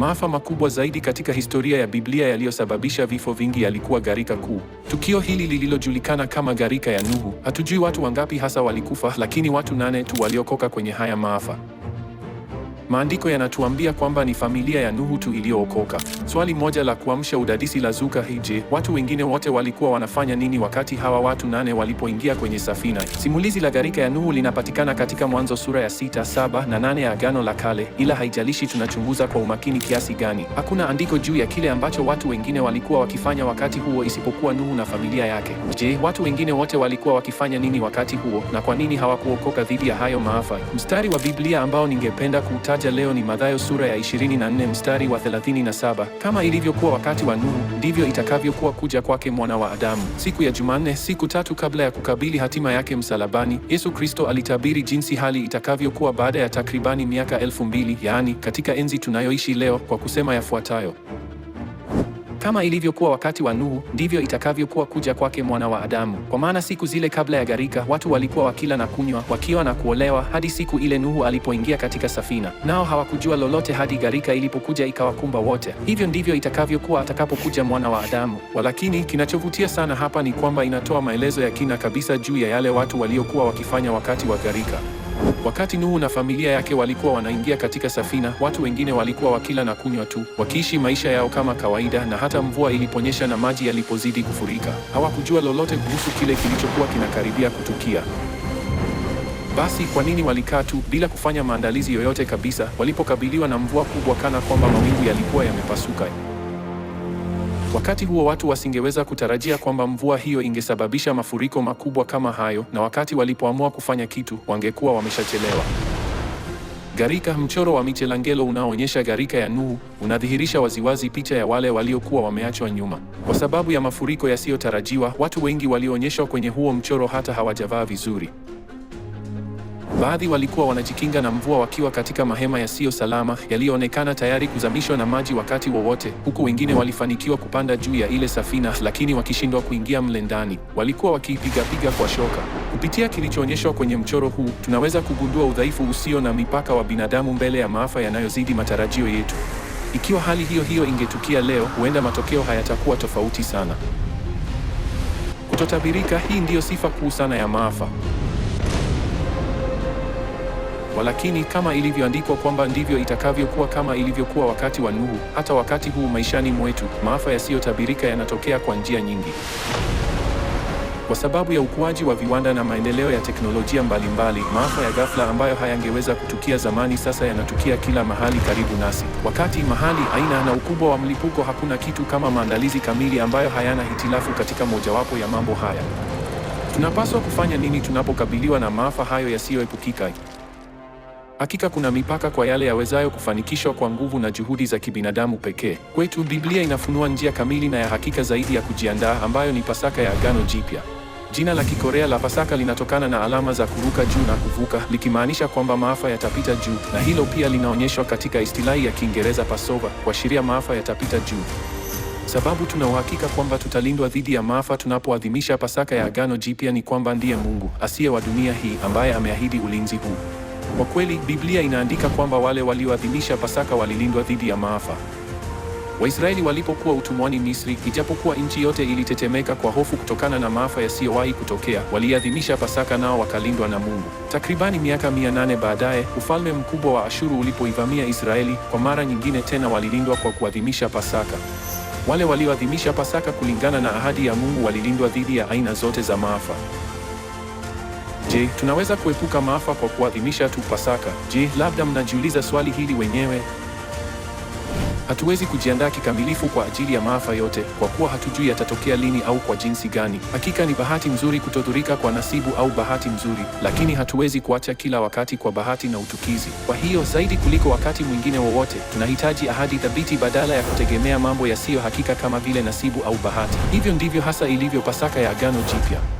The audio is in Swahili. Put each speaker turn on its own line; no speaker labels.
Maafa makubwa zaidi katika historia ya Biblia yaliyosababisha vifo vingi yalikuwa gharika kuu. Tukio hili lililojulikana kama gharika ya Nuhu, hatujui watu wangapi hasa walikufa, lakini watu nane tu waliokoka kwenye haya maafa. Maandiko yanatuambia kwamba ni familia ya Nuhu tu iliyookoka. Swali moja la kuamsha udadisi la zuka hije, watu wengine wote walikuwa wanafanya nini wakati hawa watu nane walipoingia kwenye safina? Simulizi la gharika ya Nuhu linapatikana katika Mwanzo sura ya sita, saba na nane ya Agano la Kale, ila haijalishi tunachunguza kwa umakini kiasi gani, hakuna andiko juu ya kile ambacho watu wengine walikuwa wakifanya wakati huo isipokuwa Nuhu na familia yake. Je, watu wengine wote walikuwa wakifanya nini wakati huo, na kwa nini hawakuokoka dhidi ya hayo maafa? Mstari wa Biblia ambao ningependa kuutaja tunayotaja leo ni Mathayo sura ya 24 mstari wa 37. Kama ilivyokuwa wakati wa Nuhu, ndivyo itakavyokuwa kuja kwake mwana wa Adamu. Siku ya Jumanne, siku tatu kabla ya kukabili hatima yake msalabani, Yesu Kristo alitabiri jinsi hali itakavyokuwa baada ya takribani miaka elfu mbili, yaani katika enzi tunayoishi leo, kwa kusema yafuatayo: kama ilivyokuwa wakati wa Nuhu, ndivyo itakavyokuwa kuja kwake mwana wa Adamu. Kwa maana siku zile kabla ya gharika, watu walikuwa wakila na kunywa, wakiwa na kuolewa, hadi siku ile Nuhu alipoingia katika safina, nao hawakujua lolote hadi gharika ilipokuja ikawakumba wote. Hivyo ndivyo itakavyokuwa atakapokuja mwana wa Adamu. Walakini, kinachovutia sana hapa ni kwamba inatoa maelezo ya kina kabisa juu ya yale watu waliokuwa wakifanya wakati wa gharika. Wakati Nuhu na familia yake walikuwa wanaingia katika safina, watu wengine walikuwa wakila na kunywa tu, wakiishi maisha yao kama kawaida, na hata mvua iliponyesha na maji yalipozidi kufurika, hawakujua lolote kuhusu kile kilichokuwa kinakaribia kutukia. Basi kwa nini walikaa tu bila kufanya maandalizi yoyote kabisa walipokabiliwa na mvua kubwa kana kwamba mawingu yalikuwa yamepasuka? Wakati huo watu wasingeweza kutarajia kwamba mvua hiyo ingesababisha mafuriko makubwa kama hayo, na wakati walipoamua kufanya kitu, wangekuwa wameshachelewa. garika Mchoro wa Michelangelo unaoonyesha garika ya Nuhu unadhihirisha waziwazi picha ya wale waliokuwa wameachwa nyuma kwa sababu ya mafuriko yasiyotarajiwa. Watu wengi walioonyeshwa kwenye huo mchoro hata hawajavaa vizuri. Baadhi walikuwa wanajikinga na mvua wakiwa katika mahema yasiyo salama yaliyoonekana tayari kuzamishwa na maji wakati wowote, huku wengine walifanikiwa kupanda juu ya ile safina, lakini wakishindwa kuingia mle ndani. Walikuwa wakiipigapiga kwa shoka. Kupitia kilichoonyeshwa kwenye mchoro huu, tunaweza kugundua udhaifu usio na mipaka wa binadamu mbele ya maafa yanayozidi matarajio yetu. Ikiwa hali hiyo hiyo ingetukia leo, huenda matokeo hayatakuwa tofauti sana. Kutotabirika, hii ndiyo sifa kuu sana ya maafa. Walakini kama ilivyoandikwa kwamba ndivyo itakavyokuwa kama ilivyokuwa wakati wa Nuhu, hata wakati huu maishani mwetu maafa yasiyotabirika yanatokea kwa njia nyingi. Kwa sababu ya ukuaji wa viwanda na maendeleo ya teknolojia mbalimbali, maafa ya ghafla ambayo hayangeweza kutukia zamani sasa yanatukia kila mahali karibu nasi. Wakati, mahali, aina na ukubwa wa mlipuko, hakuna kitu kama maandalizi kamili ambayo hayana hitilafu katika mojawapo ya mambo haya. Tunapaswa kufanya nini tunapokabiliwa na maafa hayo yasiyoepukika? Hakika kuna mipaka kwa yale yawezayo kufanikishwa kwa nguvu na juhudi za kibinadamu pekee. Kwetu Biblia inafunua njia kamili na ya hakika zaidi ya kujiandaa, ambayo ni Pasaka ya Agano Jipya. Jina la Kikorea la Pasaka linatokana na alama za kuruka juu na kuvuka, likimaanisha kwamba maafa yatapita juu, na hilo pia linaonyeshwa katika istilahi ya Kiingereza Passover, kuashiria maafa yatapita juu. Sababu tuna uhakika kwamba tutalindwa dhidi ya maafa tunapoadhimisha Pasaka ya Agano Jipya ni kwamba ndiye Mungu asiye wa dunia hii ambaye ameahidi ulinzi huu. Kwa kweli, Biblia inaandika kwamba wale walioadhimisha Pasaka walilindwa dhidi ya maafa. Waisraeli walipokuwa utumwani Misri, ijapokuwa nchi yote ilitetemeka kwa hofu kutokana na maafa yasiyowahi kutokea, waliadhimisha Pasaka nao wakalindwa na Mungu. Takribani miaka mia nane baadaye, ufalme mkubwa wa Ashuru ulipoivamia Israeli, kwa mara nyingine tena walilindwa kwa kuadhimisha Pasaka. Wale walioadhimisha Pasaka kulingana na ahadi ya Mungu walilindwa dhidi ya aina zote za maafa. Je, tunaweza kuepuka maafa kwa kuadhimisha tu Pasaka? Je, labda mnajiuliza swali hili wenyewe? Hatuwezi kujiandaa kikamilifu kwa ajili ya maafa yote, kwa kuwa hatujui yatatokea lini au kwa jinsi gani. Hakika ni bahati nzuri kutodhurika kwa nasibu au bahati nzuri, lakini hatuwezi kuacha kila wakati kwa bahati na utukizi. Kwa hiyo, zaidi kuliko wakati mwingine wowote, tunahitaji ahadi thabiti badala ya kutegemea mambo yasiyo hakika kama vile nasibu au bahati. Hivyo ndivyo hasa ilivyo Pasaka ya Agano Jipya.